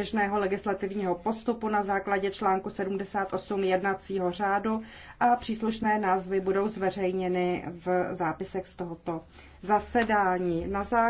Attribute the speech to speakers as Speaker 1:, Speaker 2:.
Speaker 1: běžného legislativního postupu na základě článku 78 jednacího řádu a příslušné názvy budou zveřejněny v zápisech z tohoto
Speaker 2: zasedání. Na zá...